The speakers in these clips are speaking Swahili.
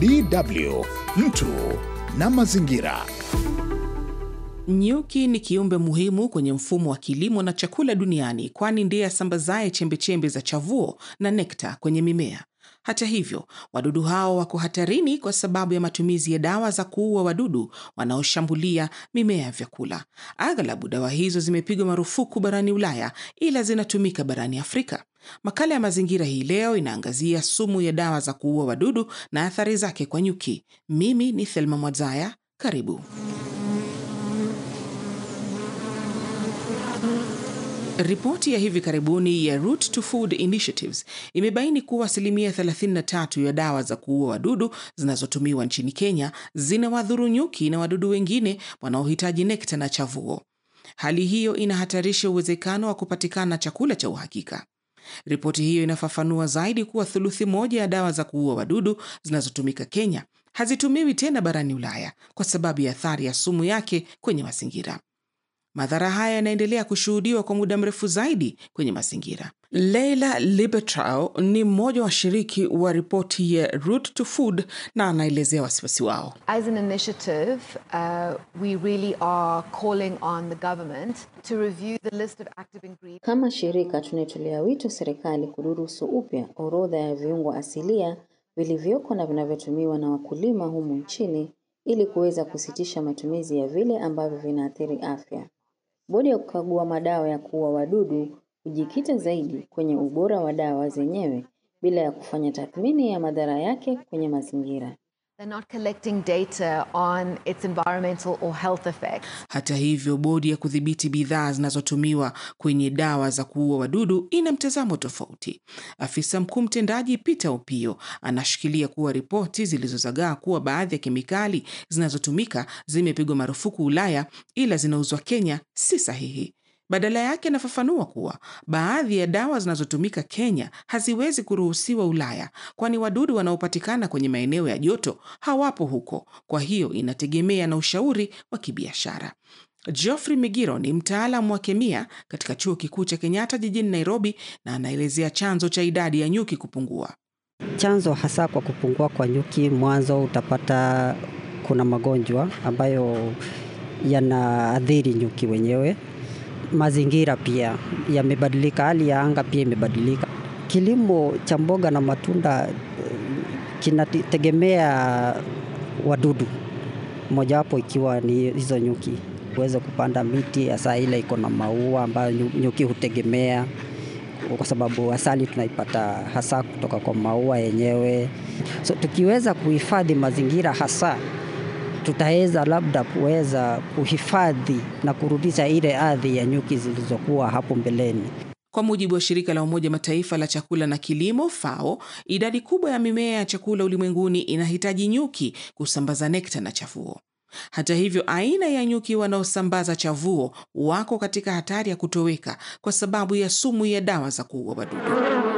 DW mtu na mazingira. Nyuki ni kiumbe muhimu kwenye mfumo wa kilimo na chakula duniani, kwani ndiye asambazaye chembechembe za chavuo na nekta kwenye mimea. Hata hivyo, wadudu hao wako hatarini kwa sababu ya matumizi ya dawa za kuua wadudu wanaoshambulia mimea ya vyakula. Aghalabu dawa hizo zimepigwa marufuku barani Ulaya ila zinatumika barani Afrika. Makala ya mazingira hii leo inaangazia sumu ya dawa za kuua wadudu na athari zake kwa nyuki. Mimi ni Thelma Mwadzaya, karibu. Ripoti ya hivi karibuni ya Root to Food Initiatives imebaini kuwa asilimia 33 ya dawa za kuua wadudu zinazotumiwa nchini Kenya zinawadhuru nyuki na wadudu wengine wanaohitaji nekta na chavuo. Hali hiyo inahatarisha uwezekano wa kupatikana chakula cha uhakika. Ripoti hiyo inafafanua zaidi kuwa thuluthi moja ya dawa za kuua wadudu zinazotumika Kenya hazitumiwi tena barani Ulaya kwa sababu ya athari ya sumu yake kwenye mazingira. Madhara haya yanaendelea kushuhudiwa kwa muda mrefu zaidi kwenye mazingira. Leila Libertrau ni mmoja wa washiriki wa ripoti ya rut to Food na anaelezea wasiwasi wao. As an initiative, uh, we really are calling on the government to review the list of active ingredients. Kama shirika tunaitolea wito serikali kuruhusu upya orodha ya viungo asilia vilivyoko na vinavyotumiwa na wakulima humu nchini ili kuweza kusitisha matumizi ya vile ambavyo vinaathiri afya. Bodi ya kukagua madawa ya kuua wadudu hujikita zaidi kwenye ubora wa dawa zenyewe bila ya kufanya tathmini ya madhara yake kwenye mazingira. Hata hivyo, bodi ya kudhibiti bidhaa zinazotumiwa kwenye dawa za kuua wadudu ina mtazamo tofauti. Afisa mkuu mtendaji Peter Opio anashikilia kuwa ripoti zilizozagaa kuwa baadhi ya kemikali zinazotumika zimepigwa marufuku Ulaya ila zinauzwa Kenya si sahihi. Badala yake anafafanua kuwa baadhi ya dawa zinazotumika Kenya haziwezi kuruhusiwa Ulaya, kwani wadudu wanaopatikana kwenye maeneo ya joto hawapo huko. Kwa hiyo inategemea na ushauri wa kibiashara. Geoffrey Migiro ni mtaalamu wa kemia katika chuo kikuu cha Kenyatta jijini Nairobi, na anaelezea chanzo cha idadi ya nyuki kupungua. Chanzo hasa kwa kupungua kwa nyuki, mwanzo utapata kuna magonjwa ambayo yanaathiri nyuki wenyewe mazingira pia yamebadilika, hali ya anga pia imebadilika. Kilimo cha mboga na matunda eh, kinategemea wadudu, mojawapo ikiwa ni hizo nyuki. Uweze kupanda miti, hasa ile iko na maua ambayo nyuki hutegemea, kwa sababu asali tunaipata hasa kutoka kwa maua yenyewe. So tukiweza kuhifadhi mazingira hasa tutaweza labda kuweza kuhifadhi na kurudisha ile ardhi ya nyuki zilizokuwa hapo mbeleni. Kwa mujibu wa shirika la Umoja Mataifa la chakula na kilimo FAO, idadi kubwa ya mimea ya chakula ulimwenguni inahitaji nyuki kusambaza nekta na chavuo Hata hivyo, aina ya nyuki wanaosambaza chavuo wako katika hatari ya kutoweka kwa sababu ya sumu ya dawa za kuua wadudu.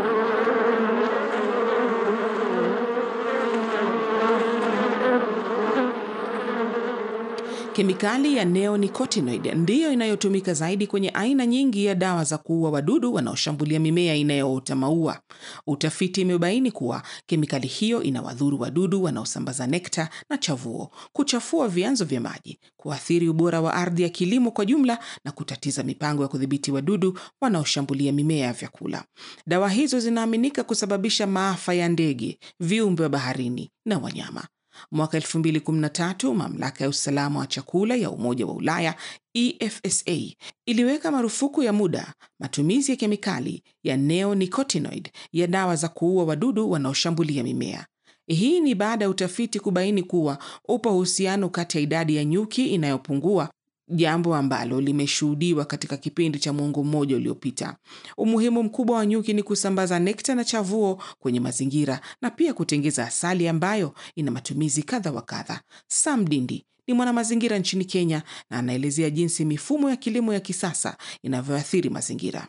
Kemikali ya neonicotinoid ndiyo inayotumika zaidi kwenye aina nyingi ya dawa za kuua wadudu wanaoshambulia mimea inayoota maua. Utafiti imebaini kuwa kemikali hiyo inawadhuru wadudu wanaosambaza nekta na chavuo, kuchafua vyanzo vya maji, kuathiri ubora wa ardhi ya kilimo kwa jumla na kutatiza mipango ya kudhibiti wadudu wanaoshambulia mimea ya vyakula. Dawa hizo zinaaminika kusababisha maafa ya ndege, viumbe wa baharini na wanyama. Mwaka 2013 mamlaka ya usalama wa chakula ya Umoja wa Ulaya EFSA iliweka marufuku ya muda matumizi ya kemikali ya neonicotinoid ya dawa za kuua wadudu wanaoshambulia mimea. Hii ni baada ya utafiti kubaini kuwa upo uhusiano kati ya idadi ya nyuki inayopungua jambo ambalo limeshuhudiwa katika kipindi cha mwongo mmoja uliopita. Umuhimu mkubwa wa nyuki ni kusambaza nekta na chavuo kwenye mazingira na pia kutengeza asali ambayo ina matumizi kadha wa kadha. Sam Dindi ni mwanamazingira nchini Kenya na anaelezea jinsi mifumo ya kilimo ya kisasa inavyoathiri mazingira.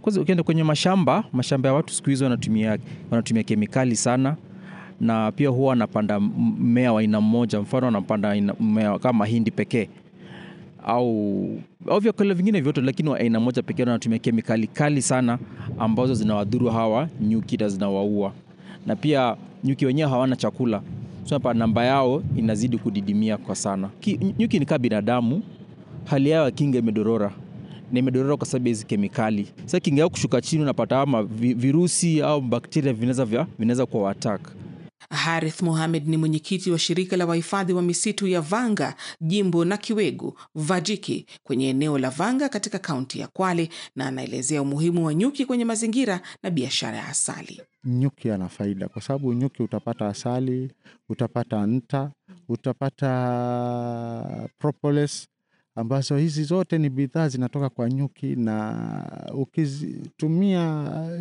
Kwanza ukienda kwenye mashamba, mashamba ya watu siku hizi wanatumia, wanatumia kemikali sana na pia huwa anapanda mmea wa aina mmoja. Mfano anapanda mmea kama mahindi pekee, au au vyakula vingine vyote, lakini wa aina moja pekee wanatumia kemikali kali sana ambazo zinawadhuru hawa nyuki na zinawaua, na pia nyuki wenyewe hawana chakula so, namba yao inazidi kudidimia kwa sana. Ki, nyuki ni kama binadamu, hali yao yakinga kinga imedorora na imedorora kwa sababu hizi kemikali. Sasa kinga yao kushuka chini, unapata ama virusi au bakteria vinaweza vinaweza kuwa wataka Harith Mohamed ni mwenyekiti wa shirika la wahifadhi wa misitu ya Vanga, jimbo na Kiwegu Vajiki, kwenye eneo la Vanga katika kaunti ya Kwale, na anaelezea umuhimu wa nyuki kwenye mazingira na biashara ya asali. Nyuki ana faida kwa sababu nyuki utapata asali, utapata nta, utapata propolis ambazo hizi zote ni bidhaa zinatoka kwa nyuki, na ukizitumia,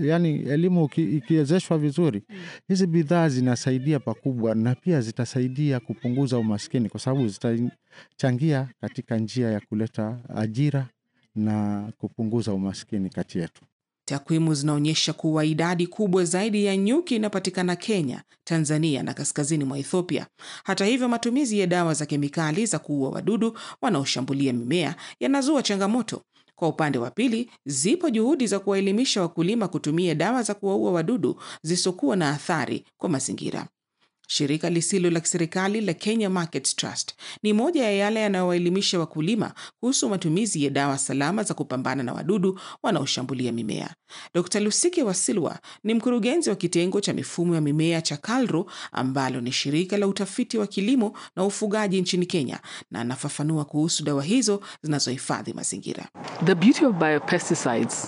yani elimu ikiwezeshwa vizuri, mm. hizi bidhaa zinasaidia pakubwa, na pia zitasaidia kupunguza umaskini, kwa sababu zitachangia katika njia ya kuleta ajira na kupunguza umaskini kati yetu. Takwimu zinaonyesha kuwa idadi kubwa zaidi ya nyuki inapatikana Kenya, Tanzania na kaskazini mwa Ethiopia. Hata hivyo, matumizi ya dawa za kemikali za kuua wadudu wanaoshambulia mimea yanazua changamoto. Kwa upande wa pili, zipo juhudi za kuwaelimisha wakulima kutumia dawa za kuwaua wadudu zisizokuwa na athari kwa mazingira. Shirika lisilo la kiserikali la Kenya Markets Trust ni moja ya yale yanayowaelimisha wakulima kuhusu matumizi ya dawa salama za kupambana na wadudu wanaoshambulia mimea. Dr. Lusike Wasilwa ni mkurugenzi wa kitengo cha mifumo ya mimea cha KALRO ambalo ni shirika la utafiti wa kilimo na ufugaji nchini Kenya na anafafanua kuhusu dawa hizo zinazohifadhi mazingira. The beauty of biopesticides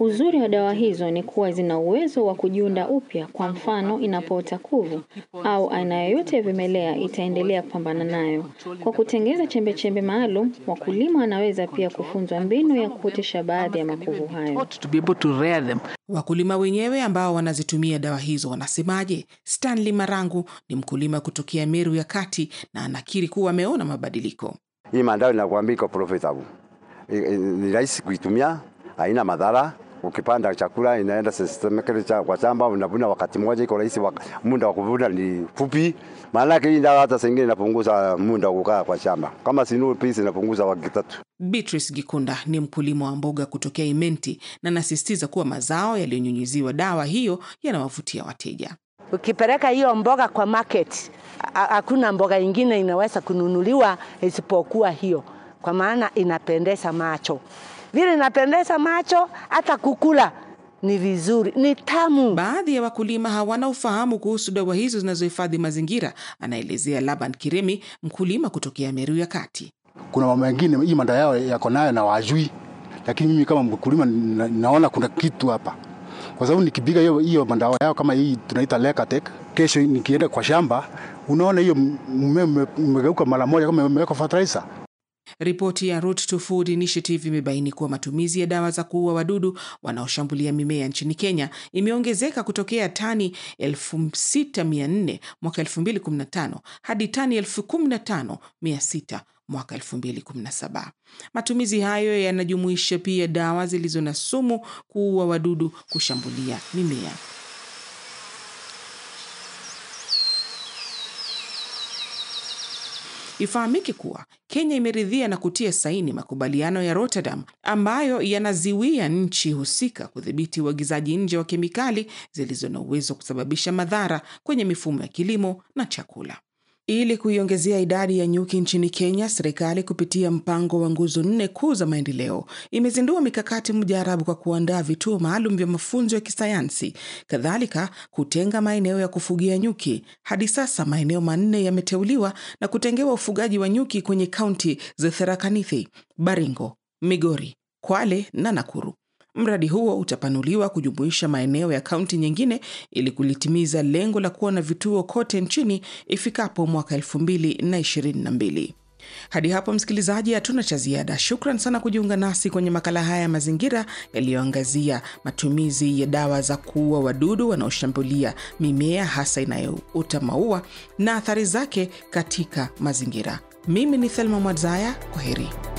Uzuri wa dawa hizo ni kuwa zina uwezo wa kujiunda upya kwa mfano inapota kuvu au aina yoyote ya vimelea itaendelea kupambana nayo. Kwa kutengeza chembechembe maalum, wakulima wanaweza pia kufunzwa mbinu ya kuotesha baadhi ya makuvu hayo. Wakulima wenyewe ambao wanazitumia dawa hizo wanasemaje? Stanley Marangu ni mkulima kutokea Meru ya Kati na anakiri kuwa ameona mabadiliko. Hii mandao inakuambia iko profitable, ni rahisi kuitumia haina madhara Ukipanda chakula inaenda systemically cha kwa shamba, unavuna wakati mmoja, iko rahisi. Muda wa kuvuna ni fupi, maana yake hii ndio hata sengine inapunguza muda wa kukaa kwa shamba, kama sinu pisi inapunguza wiki tatu. Beatrice Gikunda ni mkulima wa mboga kutokea Imenti na nasisitiza kuwa mazao yaliyonyunyiziwa dawa hiyo yanawavutia wateja. Ukipeleka hiyo mboga kwa market, hakuna mboga ingine inaweza kununuliwa isipokuwa hiyo, kwa maana inapendeza macho vile inapendeza macho, hata kukula ni vizuri, ni tamu. Baadhi ya wakulima hawana ufahamu kuhusu dawa hizo zinazohifadhi mazingira, anaelezea Laban Kiremi, mkulima kutokea Meru ya Kati. Kuna mama wengine hii manda yao yako nayo na wajui, lakini mimi kama mkulima naona kuna kitu hapa, kwa sababu nikipiga hiyo hiyo yao kama hii tunaita Lekatek, kesho nikienda kwa shamba, unaona hiyo mmea umegeuka mara moja kama imewekwa fertilizer Ripoti ya Root to Food Initiative imebaini kuwa matumizi ya dawa za kuua wadudu wanaoshambulia mimea nchini Kenya imeongezeka kutokea tani 6400 mwaka 2015 hadi tani 15600 mwaka 2017. Matumizi hayo yanajumuisha pia dawa zilizo na sumu kuua wadudu kushambulia mimea. Ifahamike kuwa Kenya imeridhia na kutia saini makubaliano ya Rotterdam ambayo yanaziwia nchi husika kudhibiti uagizaji nje wa kemikali zilizo na uwezo wa kusababisha madhara kwenye mifumo ya kilimo na chakula. Ili kuiongezea idadi ya nyuki nchini Kenya, serikali kupitia mpango wa nguzo nne kuu za maendeleo imezindua mikakati mjarabu kwa kuandaa vituo maalum vya mafunzo ya kisayansi, kadhalika kutenga maeneo ya kufugia nyuki. Hadi sasa maeneo manne yameteuliwa na kutengewa ufugaji wa nyuki kwenye kaunti za Tharaka Nithi, Baringo, Migori, Kwale na Nakuru. Mradi huo utapanuliwa kujumuisha maeneo ya kaunti nyingine ili kulitimiza lengo la kuwa na vituo kote nchini ifikapo mwaka 2022. Hadi hapo msikilizaji, hatuna cha ziada. Shukran sana kujiunga nasi kwenye makala haya ya mazingira yaliyoangazia matumizi ya dawa za kuua wadudu wanaoshambulia mimea hasa inayoota maua na athari zake katika mazingira. Mimi ni Thelma Mwadzaya, kwa heri.